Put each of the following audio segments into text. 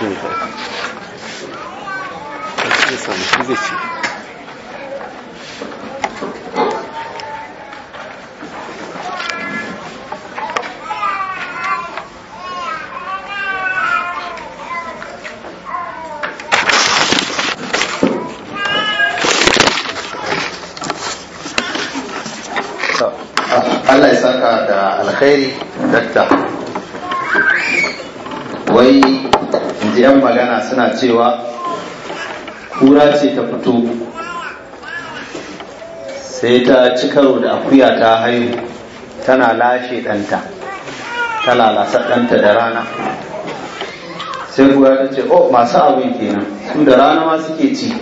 注意ださんのヒデ cewa kura ce ta fito sai ta ci karo da akuya ta haihu tana lashe ɗanta ta lalasa ɗanta da rana sai kura ta ce oh masu abin kenan su da rana ma suke ci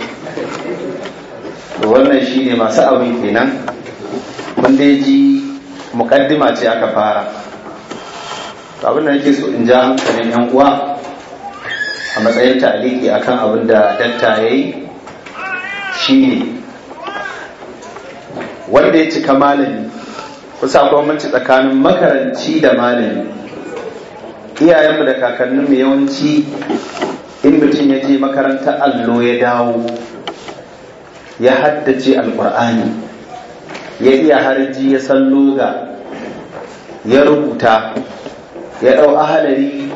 to wannan shine masu abin kenan wanda ya ji mukaddima ce aka fara abin da nake so in ja hankalin yan uwa a matsayin taliki akan abin da datta ya yi shi ne wanda ya cika malami kusa bambanci tsakanin makaranci da malami iyayenmu da kakanninmu yawanci in mutum ya je makaranta allo ya dawo ya haddace alkur'ani ya iya harji ya san loga ya rubuta ya ɗau ahalari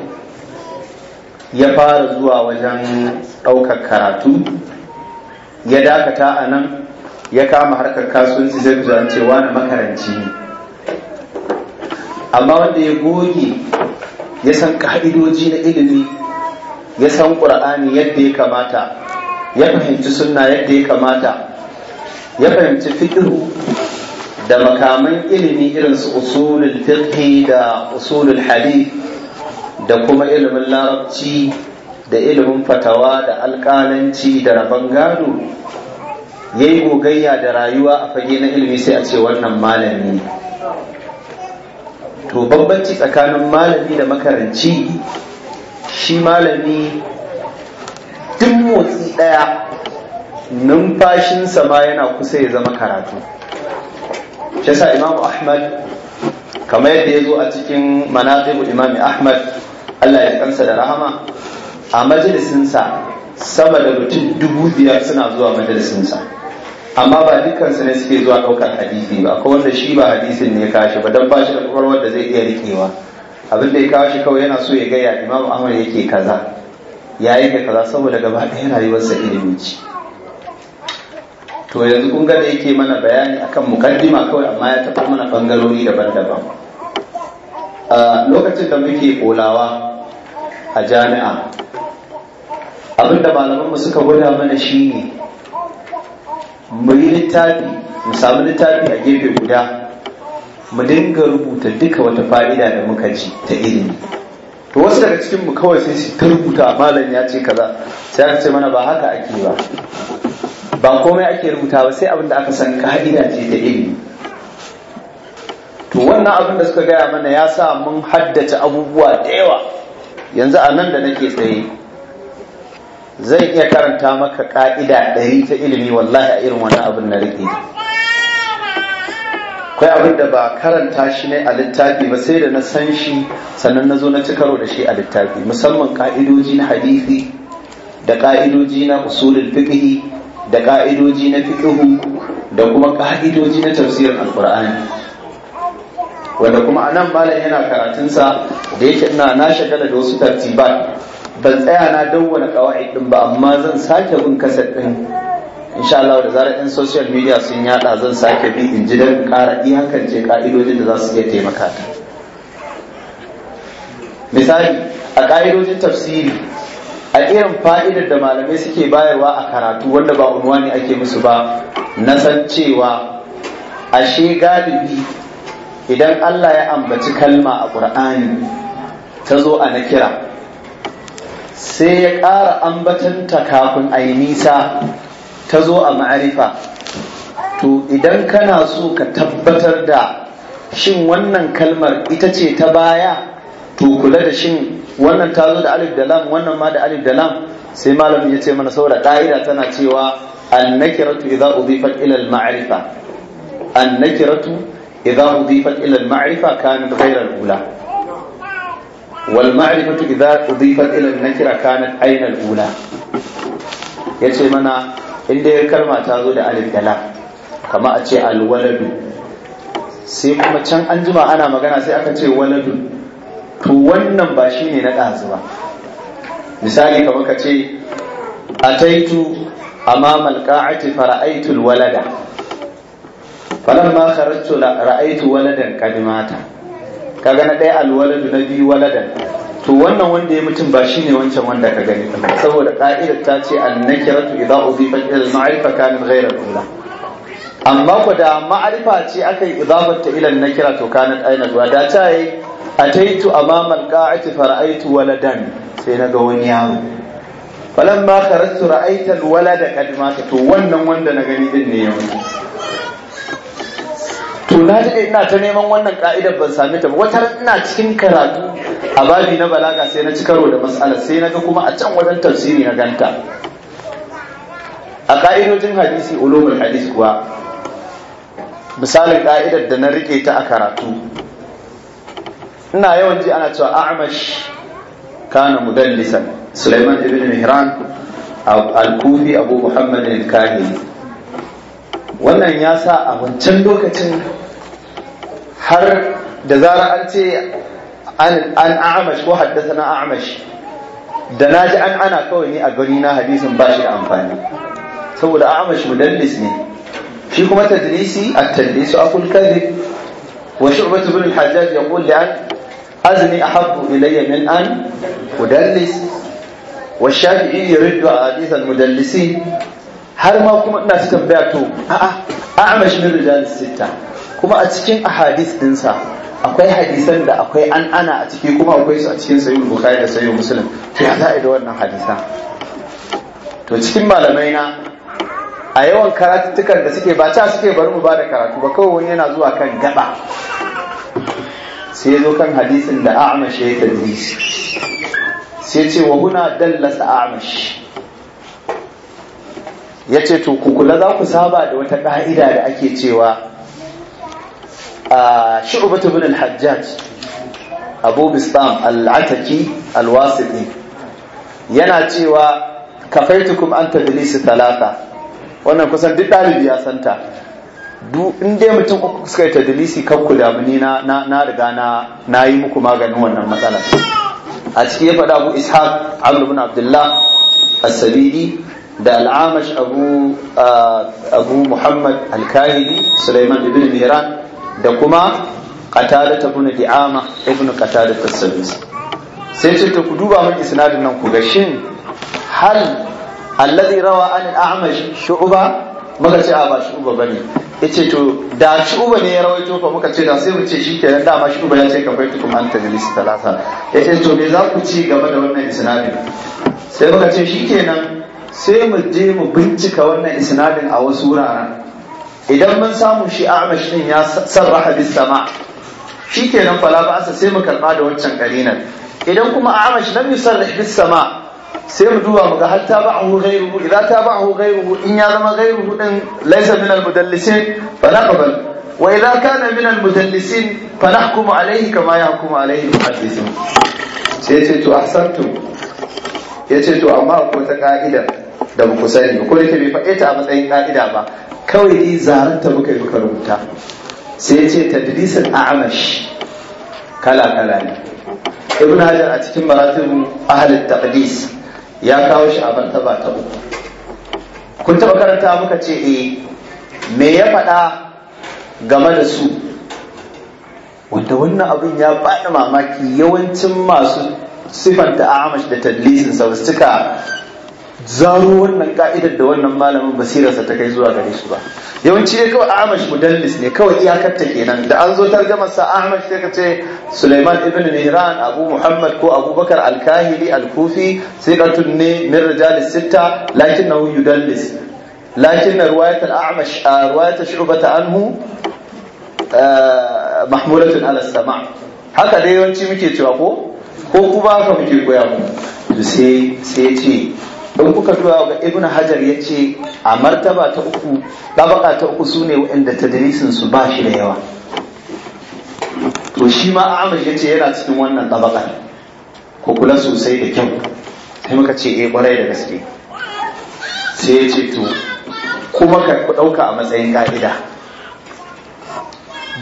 ya fara zuwa wajen ɗaukar karatu ya dakata a nan ya kama harkar kasuwanci zai zuwa cewa na makaranci ne amma wanda ya goge ya san ka'idoji na ilimi ya san ƙur'ani yadda ya kamata ya fahimci sunna yadda ya kamata ya fahimci fiɗin da makaman ilimi irin su usulul fiqh da usulul hadith da kuma ilimin larabci da ilimin fatawa da alƙalanci da rabon gado ya yi gogayya da rayuwa a fage na ilimi sai a ce wannan malami to bambanci tsakanin malami da makaranci shi malami duk motsi ɗaya numfashinsa ma yana kusa ya zama karatu shi yasa imamu ahmad kamar yadda ya zo a cikin manazibu imami ahmad Allah ya kansa da rahama a majalisinsa sama da mutum dubu biyar suna zuwa majalisinsa amma ba dukansu ne suke zuwa ɗaukar hadisi ba ko wanda shi ba hadisin ne ya kashi ba don ba shi da kwakwalwar da zai iya rikewa abin da ya kawo shi kawai yana so ya gaya imamu ahmad yake kaza ya yi kaza saboda gaba ɗaya rayuwarsa ilimi ce to yanzu kun ga da yake mana bayani akan mukaddima kawai amma ya tafi mana bangarori daban-daban lokacin da muke kolawa a jami'a abinda malamanmu suka gwada mana shine, ne mu yi littafi mu samu littafi a gefe guda mu dinga rubuta duka wata fa'ida da muka ji ta ilimi to wasu daga cikin mu kawai sai su ta rubuta malam ya ce kaza sai aka ce mana ba haka ake ba ba komai ake rubuta ba sai abin da aka san ka'ida ce ta ilimi to wannan abin da suka gaya mana ya sa mun haddace abubuwa da yawa yanzu a nan da nake tsaye zai iya karanta maka ka'ida ɗari ta ilimi wallahi a irin wani abin na riƙe akwai abin da ba karanta shi ne a littafi ba sai da na san shi sannan na zo na ci karo da shi a littafi musamman ka'idoji na hadisi, da ka'idoji na usulul fiqhi da ka'idoji na fiqhu da kuma ka'idoji na tafsirin alqur'ani wanda kuma a nan malam yana sa da yake ina na shagala da wasu tartibai ban tsaya na dawwana kawai din ba amma zan sake bin kasar din insha Allah da zarar yan social media sun yada zan sake bi in ji dan ƙara ce ka'idojin da za su iya taimaka ta misali a ka'idojin tafsiri a irin fa'idar da malamai suke bayarwa a karatu wanda ba unwani ake musu ba na san cewa ashe galibi idan Allah ya ambaci kalma a ƙur'ani ta zo a na kira sai ya ƙara ambatanta kafin a yi nisa ta zo a ma'arifa to idan kana so ka tabbatar da shin wannan kalmar ita ce ta baya to kula da shin wannan ta zo da alif da lam wannan ma da alif da lam sai malam ya ce mana saboda ƙa'ida tana cewa annakiratu idza udifat ila al-ma'rifa annakiratu إذا أضيفت إلى المعرفة كانت غير الأولى والمعرفة إذا أضيفت إلى النكرة كانت أين الأولى يتي منا إن دي كلمة تازو دا ألف دلا كما أتي الولد sai kuma can an ana magana sai aka ce waladu to wannan ba shi ne na ɗazu ba misali kamar ka ce ataitu amamal qa'ati fara'aitul walada Falan ma kharajtu ra'aytu waladan kadimata. mata kaga na dai alwaladu na biyu waladan to wannan wanda ya mutum ba shine wancan wanda ka gani saboda ka'idar ta ce annakiratu idha udifat ila al-ma'rifa kanat ghayra al-ula amma ku da ma'rifa ce aka yi idafatta ila nakira to kanat aina zuwa da ta yi ataitu amama fa fara'aitu waladan sai naga wani yaro falamma kharajtu ra'aita alwalada qad mata to wannan wanda na gani din ne ya mutu to na ji ina ta neman wannan ka'idar ban sami ta ba wata ina cikin karatu a babi na balaga sai na ci karo da mas'ala sai na ga kuma a can wajen tafsiri na ganta a ka'idojin hadisi ulumul hadis kuwa misalin ka'idar da na rike ta a karatu ina yawan ji ana cewa a'mash kana mudallisan Sulaiman ibn Mihran al-Kufi Abu Muhammad al-Kahili wannan ya sa a wancan lokacin har da zara an ce an a'amash ko haddasa na a'amash da na ji an ana kawai ne a gari na hadisin ba shi da amfani saboda a'amash mudallis ne shi kuma tadlisi at-tadlis a kulkari wa shu'bat ibn al-hajjaj ya li an azni ahabbu ilayya min an mudallis udallis والشافعي يرد على حديث المدلسين har ma kuma ina su tambaya to a'a a'amash da rijal sita. kuma a cikin ahadis dinsa akwai hadisan da akwai an ana a ciki kuma akwai su a cikin sayyid bukhari da sayyid muslim to ya za'a da wannan hadisa to cikin malamai na a yawan karatuttukan da suke ba ta suke bari mu ba da karatu ba kawai wani yana zuwa kan gaba sai ya zo kan hadisin da a'amash ya tadris sai ce wa huna dallasa amashi ya ce to ku kula za ku saba da wata ƙa'ida da ake cewa a shi'ubatu bin al-hajjaj abu bisbam al-ataki al-wasiti yana cewa kafaitukum an tadlisi talata wannan kusan duk ɗalibi ya santa in dai mutum uku suka yi tadlisi kan ku damu na riga na na yi muku maganin wannan matsalar a ciki ya faɗa abu ishaq amr abdullah as-sabili da al'amash abu abu muhammad al-kahili sulaiman ibn miran da kuma qatada ta ibn di'ama ibn qatada as sai ce ta ku duba mun isnadin nan ku ga shin hal alladhi rawa an al-a'mash shu'ba muka ce a ba shu'ba bane yace to da shu'ba ne ya rawaito fa muka ce da sai mu ce shikenan ma shu'ba ya ce ka kafai tukum an tajlis talasa yace to me za ku ci gaba da wannan isnadin sai muka ce shikenan sai mu je mu bincika wannan isnadin a wasu wuraren idan mun samu shi amash din ya sarraha bis sama shi kenan fala ba asa sai mu karba da waccan karinar idan kuma amash lam yusarrih bis sama sai mu duba mu ga har ta ba'ahu ghayruhu idan ta ba'ahu ghayruhu in ya zama ghayruhu din laysa min al mudallisin fa naqbal wa idan kana min al mudallisin fa nahkumu alayhi kama yahkumu alayhi al muhaddisun sai ce to ahsantum yace to amma akwai ta ka'ida da ba ku sani ko da ke bai faɗe ta a matsayin ƙa'ida ba kawai ni ta muka yi muka rubuta sai ce tadrisul a'amash kala kala ne ibn hajar a cikin maratibin ahalin taqdis ya kawo shi a martaba ta uku kun taɓa karanta muka ce eh me ya faɗa game da su wanda wannan abin ya faɗi mamaki yawancin masu sifanta amash da tadlisin sau suka zaro wannan ka'idar da wannan malamin basirarsa ta kai zuwa gare su ba yawanci ne kawai amash mudallis ne kawai iyakar ta kenan da an zo tarjamar sa amash sai ka ce Suleiman ibn Mihran Abu Muhammad ko Abubakar alkahiri Alkufi, sai ka tunne ne min rijal sitta lakinnahu yudallis lakin na al-A'mash ah, riwayat Shu'bah anhu ah, mahmulatun ala sama haka dai yawanci muke cewa ko ko kuma haka muke koya mu sai sai ce don kuka zuwa ga ibn hajar ya ce a martaba ta uku babaka ta uku su ne ta tadrisin su ba shi da yawa to shi ma ya ce yana cikin wannan babaka ku kula sosai da kyau sai muka ce eh kwarai da gaske sai ya ce to kuma ka ɗauka a matsayin ka'ida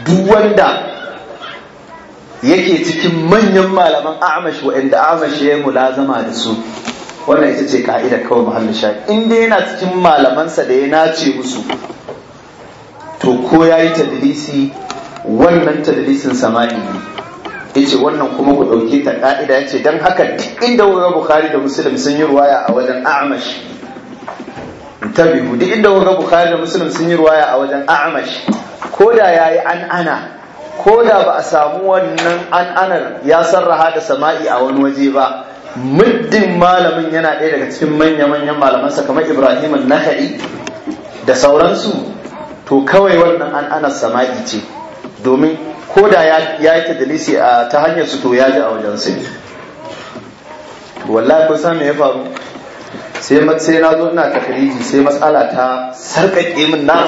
duk wanda yake cikin manyan malaman amash waɗanda amash ya yi mulazama da su wannan ita ce ka'idar kawai muhallin shafi in dai yana cikin malamansa da ya nace musu to ko ya yi tadlisi wannan tadlisin sama'i ne ya ce wannan kuma ku ɗauke ta ka'ida ya ce don haka duk inda wurin bukhari da musulun sun yi ruwaya a wajen a'amash tabihu duk inda wurin bukhari da musulun sun yi ruwaya a wajen a'amash ko da ya yi an ana ko da ba a samu wannan an anar ya sarraha da sama'i a wani waje ba muddin malamin yana ɗaya daga cikin manya-manyan malamansa kamar ibrahim naka'i da sauransu to kawai wannan an ana sama'i ce domin ko da ya yi tadalisi a ta hanyar su to ya ji a wajen sai wallahi kun sami ya faru sai sai na zo ina takriji sai matsala ta sarƙaƙe min na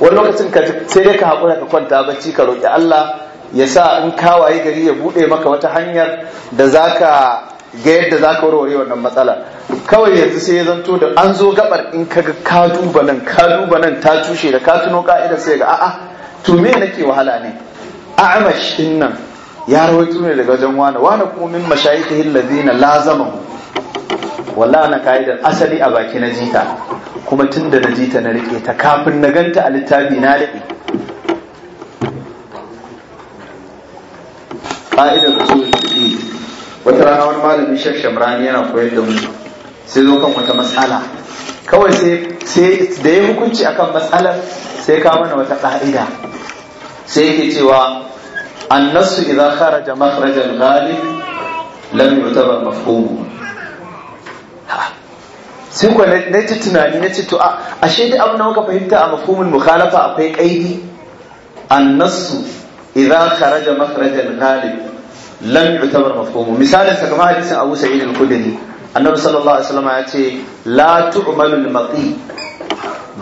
wani lokacin ka sai dai ka haƙura ka kwanta bacci ka roƙi Allah ya sa in kawaye gari ya buɗe maka wata hanyar da zaka ga yadda za ka warware wannan matsala kawai yanzu sai ya zanto da an zo gabar in ka ga ka duba nan ka duba nan ta tushe da ka tuno ka'idar sai ga a'a to me nake wahala ne a'amash din nan ya rawaito ne daga wajen wani wani kuma min mashayikihi allazina lazama walla na ka'idar asali a baki na jita kuma tunda na jita na rike ta kafin na ganta a littafi na rike ka'idar wata rana wani malamin shek shamrani yana koyar da mu sai zo kan wata matsala kawai sai da ya hukunci akan matsalar sai ka mana wata ƙa'ida sai yake cewa annasu idan kharaja makharajal ghalib lam yutabar mafhum sai ko na ci tunani na ci to a ashe dai abin da muka fahimta a mafhumul mukhalafa akwai kaidi annasu idza kharaja makharaj al-ghalib لم يعتبر مفهوم مثال كما حديث ابو سعيد الخدري ان رسول الله صلى الله عليه وسلم قال لا تعمل المقي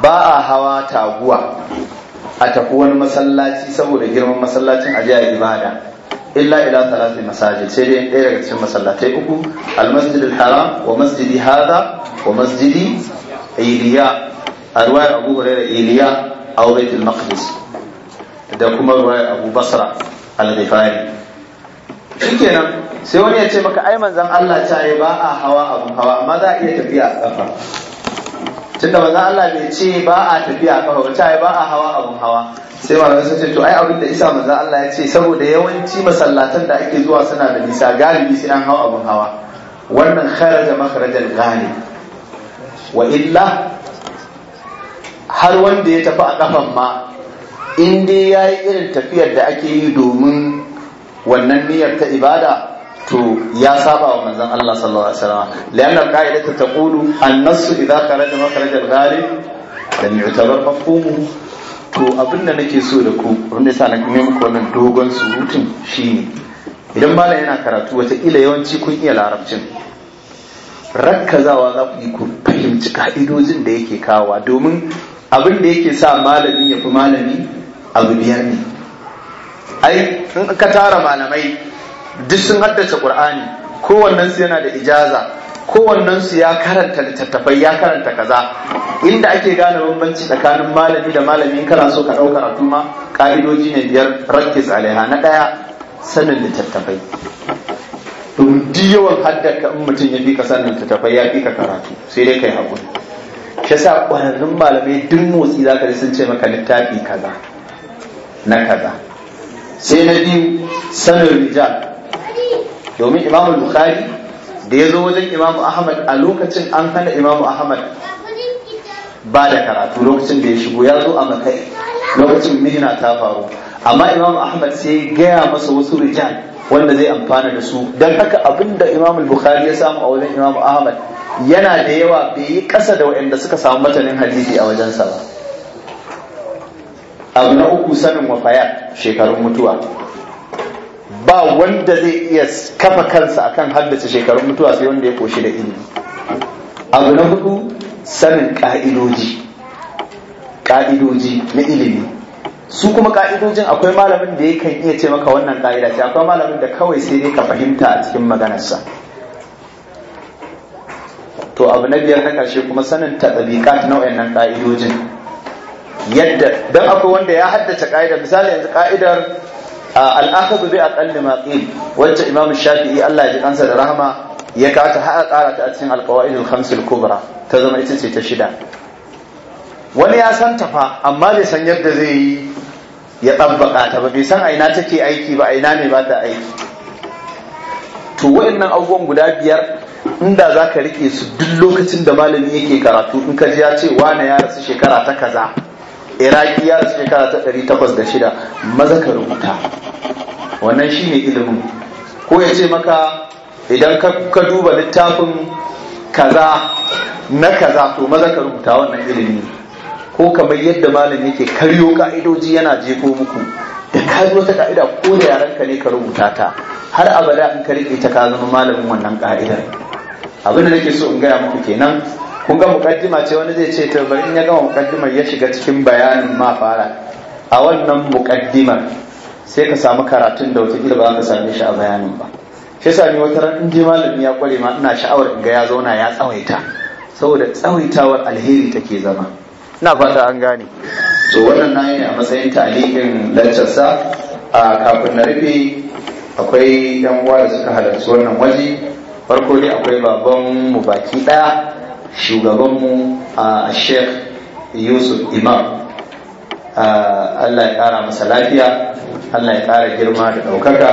باء هوا تاغوا اتقون مسلاتي سبب غير مسلات اجي عباده الا الى ثلاث مساجد سيدي ايه رقم كم مسلاتي اكو المسجد الحرام ومسجد هذا ومسجد ايليا رواه ابو هريره ايليا او بيت المقدس ده كما رواه ابو بصره الغفاري kenan, sai wani ya ce maka ai manzan Allah ta yi ba a hawa abu hawa amma za a iya tafiya a kafa tunda manzan Allah bai ce ba a tafiya a kafa ba ta yi ba a hawa abu hawa sai malamai sun ce to ai abin da isa manzan Allah ya ce saboda yawanci masallatan da ake zuwa suna da nisa galibi sai an hawa abu hawa wannan kharaja makarajar gari. wa illa har wanda ya tafi a kafan ma in dai ya yi irin tafiyar da ake yi domin wannan niyyar ta ibada to ya saba wa manzon Allah sallallahu alaihi wasallam lianna qa'idatu taqulu an-nass idza kharaja makhraj al-ghalib lam yu'tabar mafhumu to abinda nake so da ku wanda yasa na kuma muku wannan dogon surutun shine idan malam yana karatu wata ila yawanci kun iya larabcin rakkazawa za ku yi ku fahimci ka'idojin da yake kawa domin abin da yake sa malami ya fi malami abu biyar ne ai in ka tara malamai duk sun haddace qur'ani su yana da ijaza su ya karanta littattafai ya karanta kaza inda ake gane bambanci tsakanin malami da malami kana so ka dauka karatu ma ka'idoji ne biyar rakis alaiha na ɗaya sanin littattafai duk yawan haddaka in mutum ya fi ka sanin littattafai ya fi ka karatu sai dai kai hakuri shi sa ƙwararrun malamai duk motsi za ka ji sun ce maka littafi kaza na kaza sai na biyu sanar rijal domin imam bukhari da ya zo wajen imam ahmad a lokacin an hana imam ahmad ba da karatu lokacin da ya shigo ya zo a makai lokacin mihina ta faru amma imam ahmad sai ya gaya masa wasu rijal wanda zai amfana da su don haka abinda imam bukhari ya samu a wajen imam ahmad yana da yawa bai yi kasa da waɗanda suka samu matanin hadisi a wajensa ba abu na uku sanin wafaya shekarun mutuwa ba wanda zai iya kafa kansa akan haddace shekarun mutuwa sai wanda ya koshi da ilimi abu na hudu sanin ka'idoji ka'idoji na ilimi su kuma ka'idojin akwai malamin da ya kan iya ce maka wannan ka'ida ce akwai malamin da kawai sai dai ka fahimta a cikin maganarsa to abu na biyar haka shi kuma sanin ta na wayannan ka'idojin yadda dan akwai wanda ya haddace ka'ida misali yanzu ka'idar al'akadu bi aqalli ma qil wacce imamu shafi'i Allah ya ji kansa da rahama ya kata har kara ta a cikin alqawaid al-khams kubra ta zama ita ce ta shida wani ya san ta fa amma bai san yadda zai yi ya tabbaka ta ba bai san aina take aiki ba aina ne ba ta aiki to wa'annan abubuwan guda biyar inda za ka rike su duk lokacin da malami yake karatu in ka ji ya ce wane ya rasu shekara ta kaza iraki ya rasu shekara ta 806 maza ka rubuta wannan ne ilimin ko ya ce maka idan ka duba littafin kaza na kaza to maza ka rubuta wannan ilimi ko kamar yadda malam yake karyo ka'idoji yana jefo muku da ka zo ta ka'ida ko da yaran ka ne ka rubuta ta har abada in ka rike ta ka zama malamin wannan ka'idar abin da nake so in gaya muku kenan kun ga mukaddima ce wani zai ce to bari in ya gama mukaddimar ya shiga cikin bayanin ma fara a wannan mukaddimar sai ka samu karatun da wata ba ka same shi a bayanin ba shi sami wata ran in je malami ya kware ma ina sha'awar in ga ya zauna ya tsawaita saboda tsawaitawar alheri take zama ina fata an gane to wannan nayi a matsayin talihin lancarsa a kafin na rufe akwai yan uwa da suka halarci wannan waje farko dai akwai baban mu baki daya shugabanmu a sheikh yusuf imam Allah ya ƙara masa lafiya Allah ya ƙara girma da ɗaukaka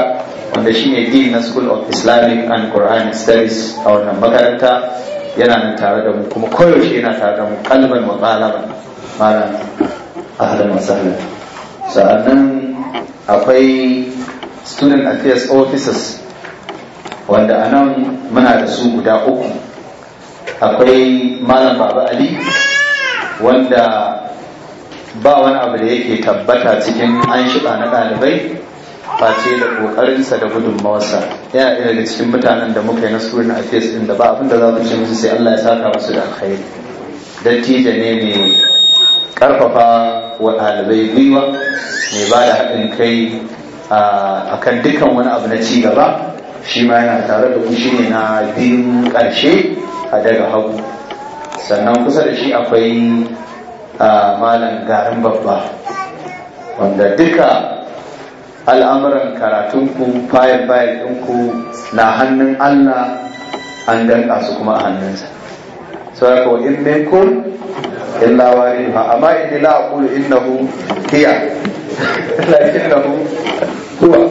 wanda shi ne dean na school of islamic and Qur'an studies a wannan makaranta yana nan tare da mu kuma koyaushe yana tare da mu kalban wa malam ahlan wa sa'annan akwai student affairs officers wanda a nan muna da su guda uku akwai malam baba ali wanda ba wani abu da yake tabbata cikin an shiba na ɗalibai face da ƙoƙarinsa da gudunmawarsa yana ɗaya daga cikin mutanen da muka yi na surin a fes ɗin da ba abin da za ku ce musu sai Allah ya saka musu da alkhairi dattijo ne mai ƙarfafa wa ɗalibai gwiwa mai ba da haɗin kai a kan dukkan wani abu na ci gaba shi ma yana tare da mu ne na biyun ƙarshe a daga hagu sannan kusa da shi akwai malam garin babba wanda duka al'amuran karatunku bayan fayil ɗinku na hannun allah an danka su kuma a hannunsa sauraka in minkum illa wariha amma na la aqulu innahu hiya lakinnahu huwa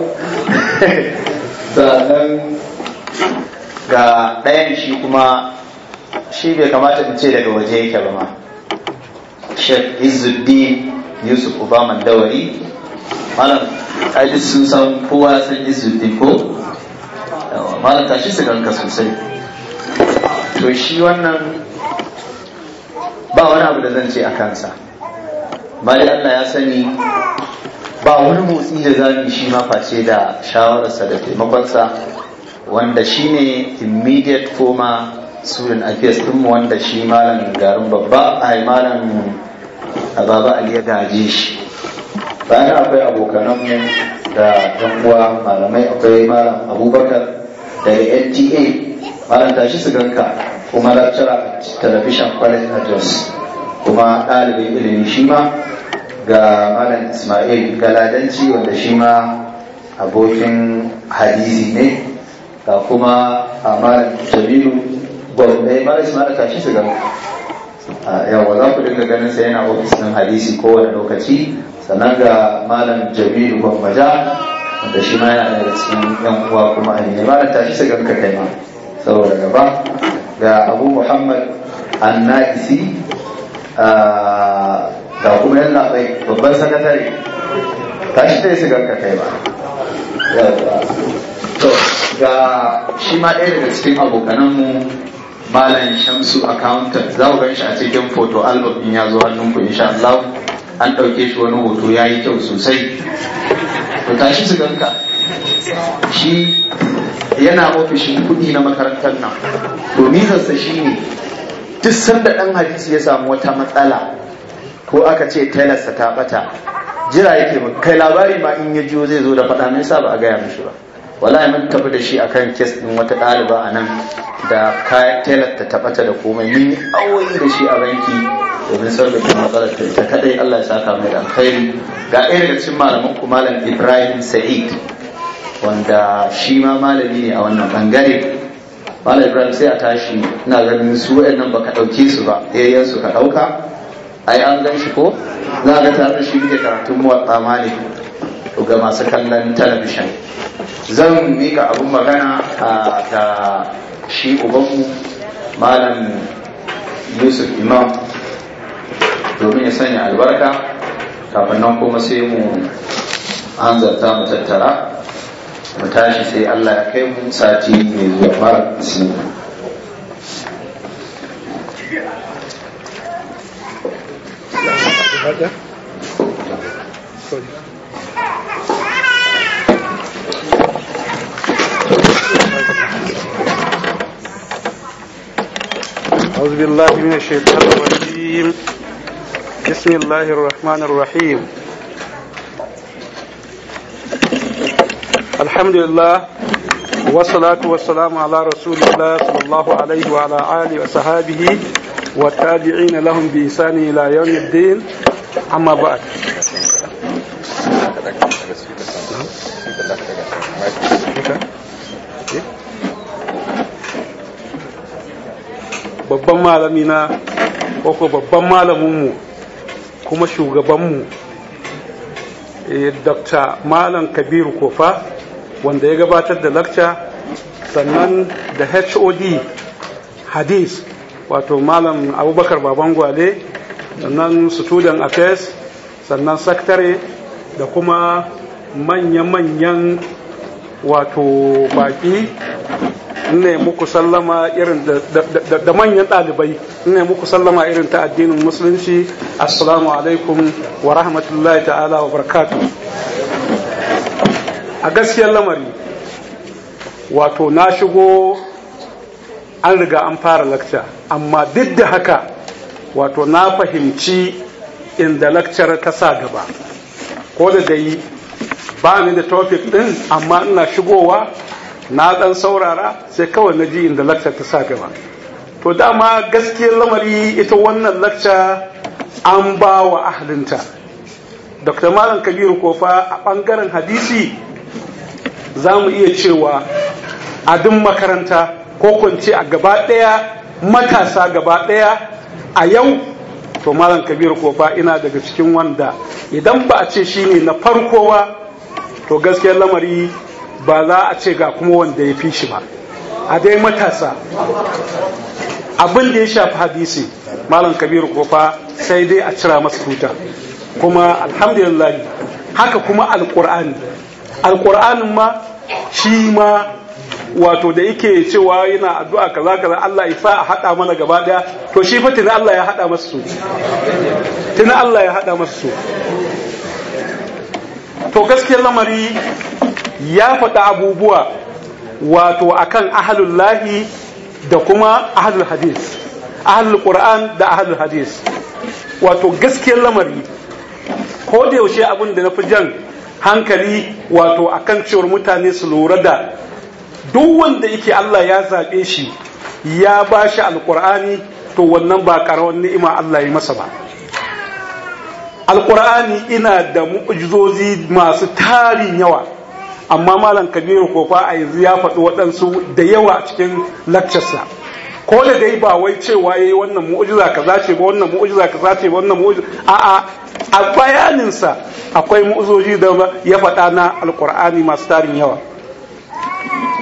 sannan ga ɗayan shi kuma shi bai kamata in ce daga waje yake ba ma Sheikh Izzuddin Yusuf Obama Dawari malam kaji sun san kowa san Izzuddin ko malam ta shi su ka sosai to shi wannan ba wani abu da zan ce a kansa bari Allah ya sani ba wani motsi da zamu shi ma face da shawararsa da taimakonsa wanda shine immediate former surin affairs din mu wanda shi malam garin babba a malam baba ali ya gaje shi bayan akwai abokanan mu da yan malamai akwai malam abubakar da nta malam tashi su ganka kuma lecturer television college a jos kuma ɗalibin ilimi shi ma ga malam ismail galadanci wanda shi ma abokin hadisi ne ga kuma a malam jamilu gwamnati mara ismail tashi su gama yawa za ku dinga ganin sai yana ofis ɗin hadisi kowane lokaci sannan ga malam jamilu gwammaja wanda shi ma yana daga cikin yan uwa kuma a ne malam tashi su ganka kai ma saboda gaba ga abu muhammad annaisi ga kuma yan labai babban sakatare tashi yi su ganka kai ma to ga shi ma ɗaya daga cikin abokananmu malam shamsu accountant za ku ganshi a cikin foto, album in ya zo hannunku insha Allah an ɗauke shi wani hoto ya yi kyau sosai ku tashi su ganka shi yana ofishin kuɗi na makarantar nan domin shi ne duk sanda ɗan hadisi ya samu wata matsala ko aka ce telasta ta ɓata jira yake kai labari ma in ya jiyo zai zo da faɗa mai sa ba a gaya mishi ba wallahi mun tafi da shi akan kes din wata ɗaliba a nan da kayan tailor ta tabata da komai mun yi awoyi da shi a banki domin da matsalar ta ita kadai Allah ya saka mai da alkhairi ga ɗaya daga cikin malaman ku malam Ibrahim Sa'id wanda shi ma malami ne a wannan bangare malam Ibrahim sai a tashi ina ganin su waɗannan baka ɗauke su ba yayin su ka ɗauka ai an gan shi ko za ga tare da shi muke karatun muwatta malik ga masu kallon talabishin zan mika abun magana a ah, ta shi ubanmu malam yusuf imam domin ya sanya albarka kafin nan kuma sai mu an zarta mu tattara mu tashi sai allah ya kai mu sati mai zuwa mara bismillah Thank you. أعوذ بالله من الشيطان الرجيم بسم الله الرحمن الرحيم الحمد لله والصلاة والسلام على رسول الله صلى الله عليه وعلى آله وصحابه والتابعين لهم بإحسان إلى يوم الدين أما بعد babban malami na ko babban mu kuma shugabanmu eh, dr malam kabiru kofa wanda ya gabatar da lakca sannan da hod hadis wato malam abubakar baban gwale sannan student affairs sannan sakatare da kuma manya-manyan wato baki ne muku sallama irin da manyan ɗalibai ne muku sallama irin ta addinin musulunci assalamu alaikum wa rahmatullahi ta'ala wa barakatu a gaskiyar lamari wato na shigo an riga an fara lakca amma duk da haka wato na fahimci inda lakcar ta sa gaba ko da dai ba ni da topic din amma ina shigowa na dan saurara sai kawai na ji inda lacca ta sa gaba to dama gaskiyar lamari ita wannan lakca an ba wa ahlinta dr malam kabiru kofa a ɓangaren hadisi za mu iya cewa a duk makaranta ko kwance a gaba ɗaya matasa gaba ɗaya a yau to malam kabiru kofa ina daga cikin wanda idan ba a ce shi ne na farkowa to gaskiyar lamari ba za a ce ga kuma wanda ya fi shi ba a dai matasa abin da ya shafi hadisi malam kabiru kofa sai dai a cira masa tuta kuma alhamdulillah haka kuma alkur'ani alkur'anin ma shi ma wato da yake cewa yana addu'a kaza kaza Allah ya fa a hada mana gaba daya to shi fa tuni Allah ya hada masa su tuni Allah ya hada masa su to gaskiyar lamari ya faɗa abubuwa wato akan ahlul lahi da kuma ahlul hadis ahlul qur'an da ahlul hadis wato gaskiyar lamari ko da yaushe abin da na fi jan hankali wato akan cewar mutane su lura da duk wanda yake Allah ya zaɓe shi ya ba shi alƙur'ani to wannan ba ƙarawar ni'ima Allah ya masa ba alƙur'ani ina da mu'ujizozi masu tarin yawa amma malam kabiru kofa a yanzu ya faɗi waɗansu da yawa a cikin lakcarsa ko da dai ba wai cewa yayi wannan mu'ujiza kaza ce ba wannan mu'ujiza kaza ce ba wannan mu'ujiza a a a bayaninsa akwai mu'uzoji da ya faɗa na alkur'ani masu tarin yawa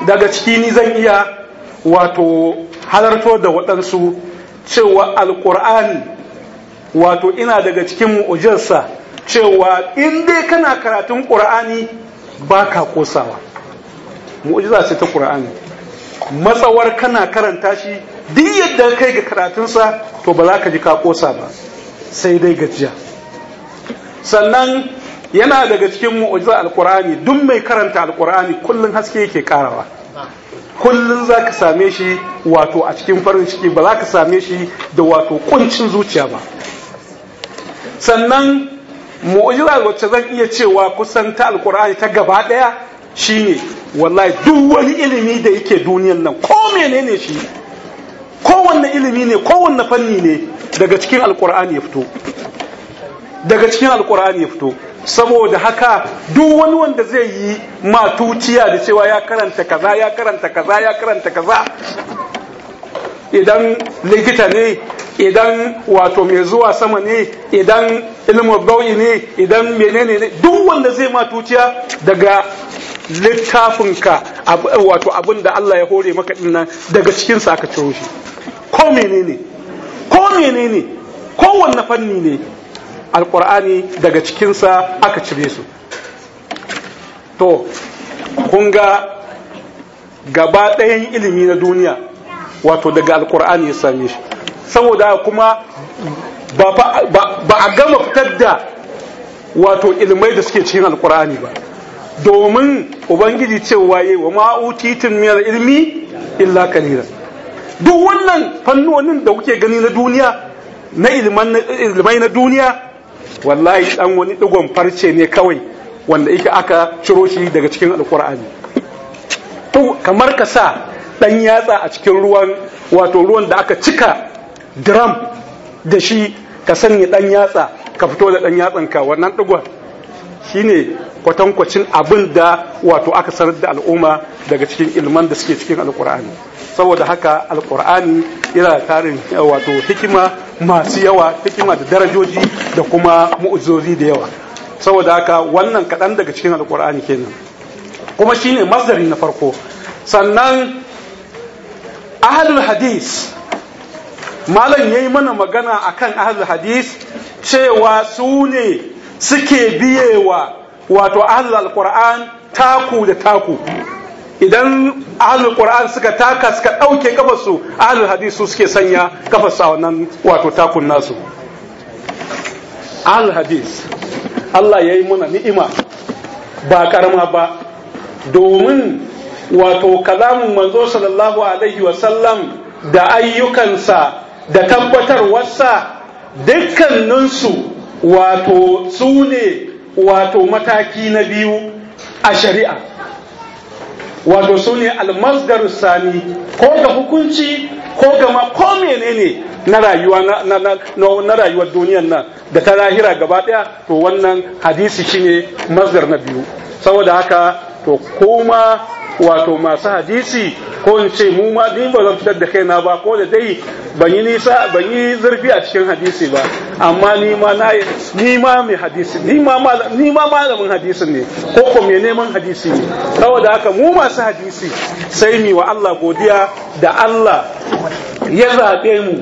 daga ciki ni zan iya wato halarto da waɗansu cewa alkur'ani wato ina daga cikin mu'ujizarsa cewa in dai kana karatun ƙur'ani ba ka kosawa Mu'ujiza ce ta ƙura'ani matsawar kana karanta shi duk yadda kai ga karatunsa to ba za ka ji ka kosa ba sai dai gajiya sannan yana daga cikin mu'ujiza alƙura'ani duk mai karanta alƙura'ani kullum haske yake karawa Kullum za ka same shi wato a cikin farin ciki ba za ka same shi da wato kuncin zuciya ba sannan mu'jiza wacce zan iya cewa kusan ta alkur'ani ta gaba daya shine wallahi duk wani ilimi da yake duniyan nan ko menene shi Ko wanne ilimi ne ko wanne fanni ne daga cikin alkur'ani ya fito daga cikin alkur'ani ya fito saboda haka duk wani wanda zai yi matuciya da cewa ya karanta kaza ya karanta kaza ya karanta kaza idan likita ne idan wato mai zuwa sama ne idan ilmu gauyi ne idan menene ne duk wanda zai ma tuciya daga littafinka wato abin da Allah ya hore maka nan daga cikin sa aka ciro shi ko menene ko menene ko wanne fanni ne alqur'ani daga cikin sa aka cire su to kun ga gaba ɗayan ilimi na duniya wato daga alkur'ani ya same shi saboda kuma ba a gama fitar da wato ilmai da suke cikin alkur'ani ba domin ubangiji cewa yi wa ma'utitin miyar ilmi illa kalilan duk wannan fannonin da kuke gani na duniya na ilmai na duniya wallahi dan wani digon farce ne kawai wanda ika aka ciro shi daga cikin alkur'ani to kamar ka sa dan yatsa a cikin ruwan wato ruwan da aka cika drum da shi ka sanya dan yatsa ka fito da dan ka wannan digon shine kwatankwacin abin da wato aka sanar da al'umma daga cikin ilman da suke cikin alkur'ani saboda haka alkur'ani yana tarin wato hikima masu yawa hikima da darajoji da kuma mu'ujizozi da yawa saboda haka wannan kaɗan daga cikin alkur'ani kenan kuma shine masdari na farko sannan ahlul hadis malam yayi mana magana akan ahlul hadis cewa su ne suke biyewa wato ahlul qur'an taku da taku idan ahlul qur'an suka taka suka dauke kafarsu ahlul hadis su suke sanya kafarsu a wannan wato takun nasu ahlul hadis Allah yayi mana ni'ima ba karama ba domin wato kalamin manzo sallallahu alaihi wa sallam da ayyukansa da tabbatarwarsa dukkaninsu wato su ne wato mataki na biyu a shari'a wato su ne almasgar sani ko ga hukunci ko gama ko ne na rayuwa na na na rayuwar duniyan nan da ta lahira gaba daya to wannan hadisi shine masgar na biyu saboda haka to kuma wato masu hadisi ko in ce mu ma ni ba zan fitar da kaina ba ko da dai ban yi nisa ban yi zurfi a cikin hadisi ba amma ni ma na ni ma mai hadisi ni ma ni ma malamin hadisin ne ko ko mai neman hadisi ne saboda haka mu masu hadisi sai mi wa Allah godiya da Allah ya zabe mu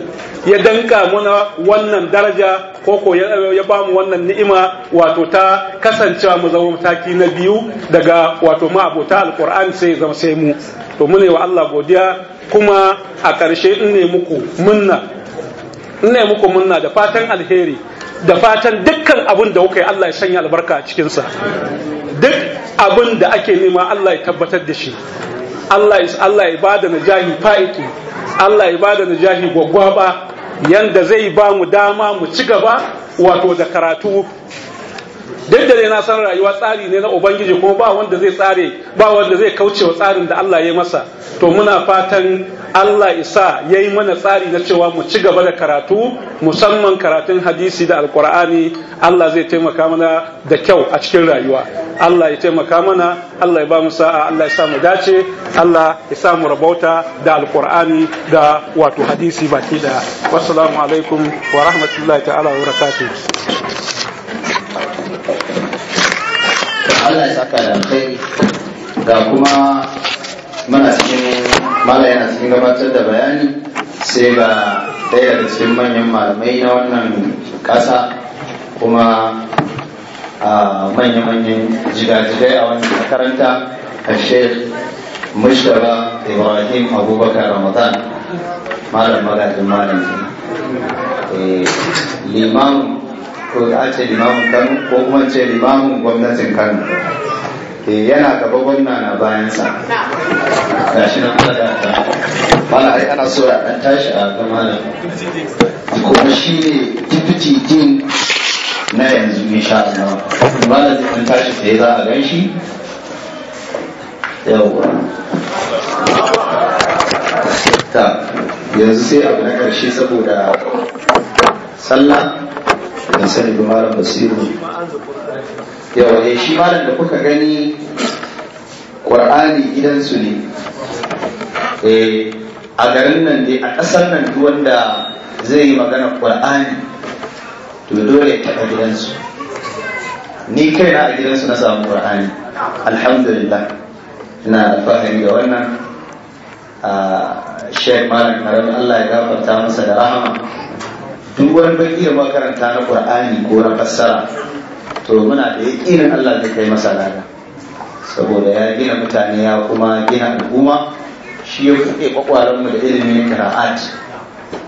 ya danka muna wannan daraja ko ko ya ba mu wannan ni'ima wato ta kasancewa mu zama mataki na biyu daga wato ma abota alquran sai zama sai mu to mune wa Allah godiya kuma a ƙarshe in ne muku munna in ne muku munna da fatan alheri da fatan dukkan abin da kuka yi Allah ya sanya albarka a cikinsa duk abin da ake nema Allah ya tabbatar da shi Allah ya bada najahi fa'iki Allah ya bada najahi gwaggwaba yanda zai ba mu dama mu ci gaba wato da karatu duk da na san rayuwa tsari ne na ubangiji kuma ba wanda zai tsare ba wanda zai kauce wa tsarin da Allah ya masa to muna fatan Allah isa ya yi mana tsari na cewa mu ci gaba da karatu musamman karatun hadisi da alkur'ani Allah zai taimaka mana da kyau a cikin rayuwa Allah ya taimaka mana Allah ya ba mu sa'a Allah ya sa mu dace Allah ya sa mu rabauta da alkur'ani da wato hadisi baki da wassalamu alaikum wa rahmatullahi ta'ala wa barakatuh Allah ya saka da kai ga kuma mana cikin mala yana cikin gabatar da bayani sai ga daya da cikin manyan malamai na wannan ƙasa kuma manya-manyan jidajigai a wannan makaranta a sheikh mushtaba ibrahim abubakar ramadan malam magajin malam eh, limamu ko a ce limamin kanu ko kuma ce limamin gwamnatin kanu ke eh, yana gaba gwamna na bayansa ga shi nan da ta mala ai ana so da an tashi a ga malam kuma shi ne tipiti din na yanzu insha Allah malam zai an tashi sai za a gan shi ta yanzu sai abu na karshe saboda sallah ban sani ba malam basiru Yau eh shi malam da kuka gani ƙur'ani gidansu ne eh a garin nan dai a ƙasar nan duk wanda zai yi magana qur'ani to dole ya taɓa gidansu ni kai na a gidansu na samu ƙur'ani alhamdulillah ina alfahari da wannan a ah, shek malam karam Allah ya gafarta masa da rahama duk wani bai iya makaranta na qur'ani ko na fassara to muna da yaƙinin Allah da kai masa lada saboda ya gina mutane ya kuma gina al'umma shi ya buɗe kwakwaran mu da ilimin qira'at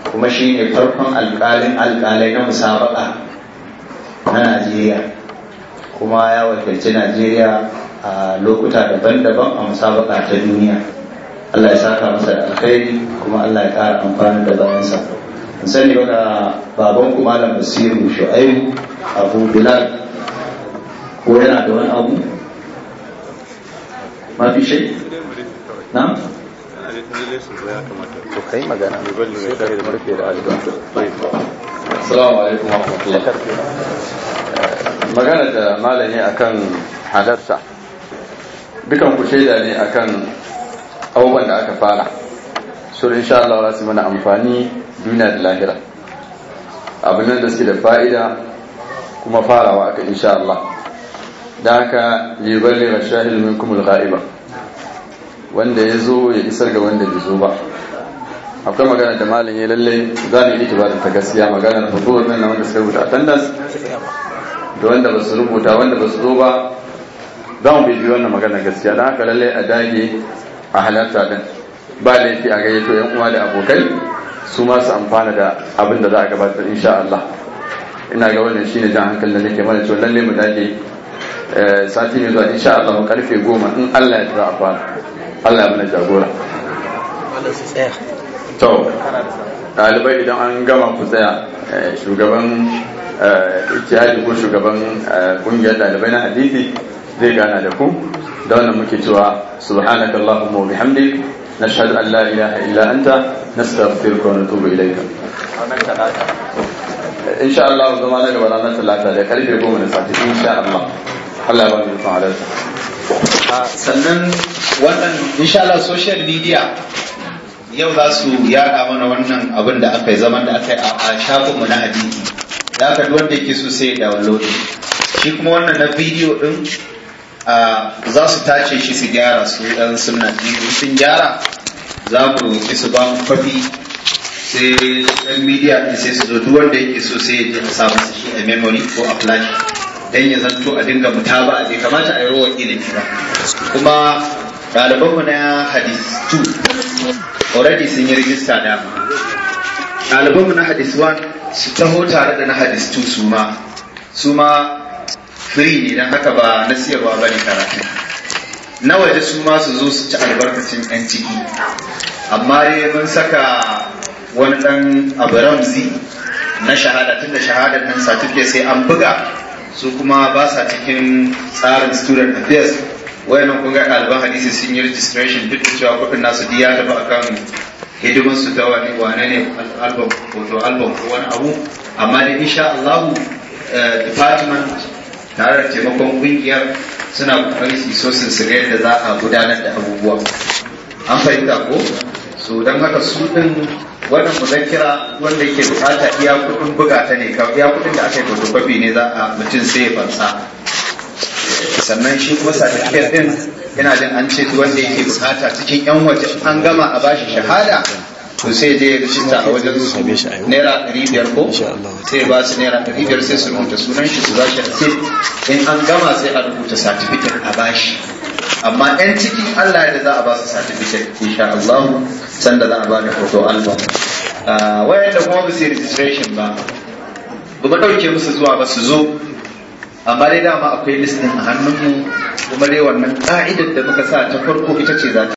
kuma shi ne farkon alƙalin alƙalai na musabaka na Najeriya kuma ya wakilci Najeriya a lokuta daban-daban a musabaka ta duniya Allah ya saka masa da alkhairi kuma Allah ya ƙara amfani da bayansa. sani wanda baban ku malam basiru shu'aibu abu bilal ko yana da wani abu ma fi shi na to kai magana sai da murfe da addu'a assalamu alaikum wa rahmatullahi magana da malam malami akan halarta dukan ku shaida ne akan abubuwan da aka fara so insha Allah za su mana amfani duniya da lahira abin nan da suke da fa'ida kuma farawa aka insha Allah da haka liballi rashahil kuma al-ghaiba wanda ya zo ya isar ga wanda bai zo ba akwai magana da malin ya lalle za mu yi da ta gaskiya magana da hukumar nan na wanda suka rubuta attendance da wanda ba su rubuta wanda ba su zo ba za mu bibi wannan magana gaskiya da haka lalle a dage a halarta din ba laifi a gayyato yan uwa da abokai su ma su amfana da abin da za a gabatar insha Allah ina ga wannan shine jan hankali da nake mana cewa lalle mu dage eh, sati ne zuwa insha Allah karfe goma in Allah ya tura a fara Allah ya mana jagora to ɗalibai idan an gama ku tsaya eh, shugaban eh, ijtihadi ko shugaban kungiyar ɗalibai na hadisi zai gana da ku da wannan muke cewa subhanakallahumma wa bihamdika نشهد أن لا إله إلا أنت نستغفرك ونتوب إليك إن شاء الله زمان ولا ناس لا تعالى كريم يقوم من ساعتي إن شاء الله الله يبارك لكم على sannan wannan insha Allah social media yau za su yada mana wannan abin da aka yi zaman da aka yi a mu na addini da aka wanda yake so sai da download shi kuma wannan na bidiyo din Ah, za su tace shi su gyara su dan sunna biyu sun gyara za ku roƙi su ba mu kwafi sai ɗan media ɗin sai su zo duk wanda yake so sai ya sa masa shi a memory ko a flash dan ya zanto a dinga mutaba a bai kamata a yi rawar ilimi ba kuma ɗalibanmu na hadis 2 already sun yi rijista da ɗalibanmu na hadis 1 su taho tare da na hadis 2 su ma su ma free ne don haka ba na siyarwa ba ne karatu na waje su ma su zo su ci albarkacin 'yan ciki amma dai mun saka wani dan abu ramzi na shahada tun da shahadar nan ke sai an buga su kuma ba sa cikin tsarin student affairs wayannan kun ga ɗaliban hadisi sun yi registration duk da cewa kuɗin nasu duk ya tafi akan hidimar su ta wani wane ne album hoto album ko wani abu amma dai insha Allah eh, department tare da taimakon kungiyar suna kokarin su so su ga yadda za a gudanar da abubuwa an fahimta ko so don haka su din wannan muzakira wanda yake bukata iya kudin buga ta ne iya kudin da aka yi fotokofi ne za a mutum sai ya fansa sannan shi kuma certificate din yana jin an ce wanda yake bukata cikin yan waje an gama a bashi shahada to sai je ya rijista a wajen su naira ɗari biyar ko sai ba su naira ɗari biyar sai su rubuta sunan shi su ba shi a in an gama sai a rubuta satifiket a bashi amma yan cikin Allah da za a ba su certificate insha Allah san da za a ba da hoto album ah, wayan da kuma su registration ba ba ba dauke musu zuwa ba su zo amma dai dama akwai listin a a hannunmu kuma dai wannan ka'idar da muka sa ta farko ita ce za ta